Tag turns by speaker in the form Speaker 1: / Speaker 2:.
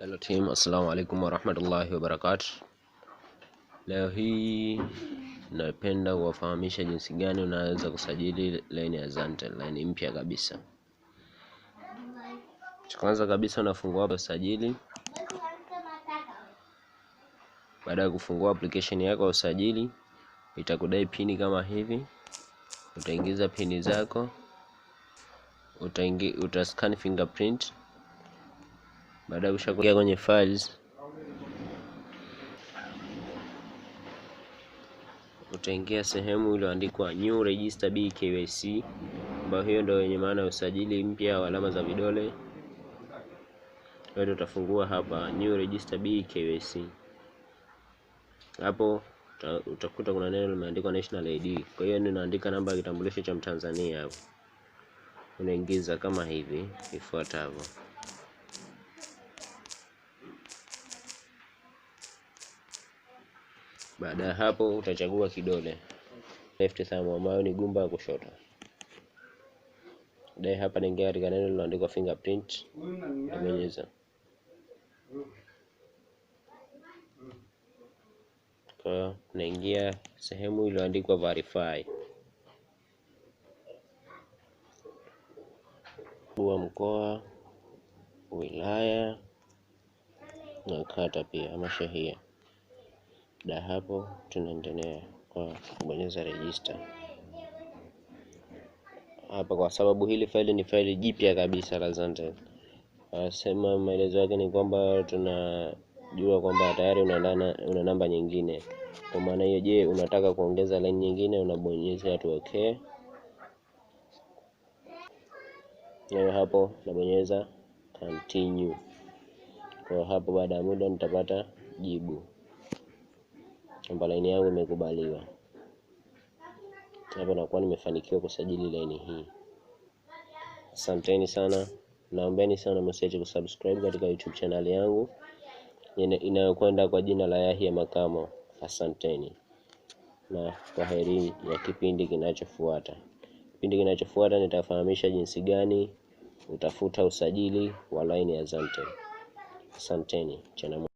Speaker 1: Hello team, assalamu alaikum warahmatullahi wabarakatuh. Leo hii napenda kuwafahamisha jinsi gani unaweza kusajili laini ya Zantel, laini mpya kabisa. Kwanza kabisa unafungua hapa usajili. Baada ya kufungua application yako ya usajili, itakudai pini kama hivi. Utaingiza pini zako, utascan fingerprint baada ya kushakuingia kwenye files, utaingia sehemu iliyoandikwa new register BKYC, ambayo hiyo ndio yenye maana ya usajili mpya wa alama za vidole. Wewe utafungua hapa new register BKYC. Hapo utakuta kuna neno limeandikwa national ID. Kwa hiyo ndio namba ya kitambulisho cha Mtanzania hapo, unaingiza kama hivi ifuatavyo. Baada ya hapo utachagua kidole left thumb ambayo ni gumba ya kushoto. Baadaye hapa naingia katika neno lililoandikwa fingerprint, nabonyeza kwa naingia sehemu iliyoandikwa verify wa mkoa, wilaya na kata pia ama shehia. Baada ya hapo, tunaendelea kwa kubonyeza register hapa, kwa sababu hili faili ni faili jipya kabisa la Zantel. Sema maelezo yake ni kwamba tunajua kwamba tayari una, una namba nyingine. Kwa maana hiyo, je, unataka kuongeza line nyingine? Unabonyeza tu okay. Nayo hapo nabonyeza continue. Kwa hapo, baada ya muda nitapata jibu kwamba laini yangu imekubaliwa. Hapo nakuwa nimefanikiwa kusajili laini hii. Asanteni sana, naombeni sana msiache kusubscribe katika YouTube channel yangu inayokwenda kwa jina la Yahya Makamo. Asanteni na heri ya kipindi kinachofuata. Kipindi kinachofuata nitafahamisha jinsi gani utafuta usajili wa laini ya Zantel. Asanteni chana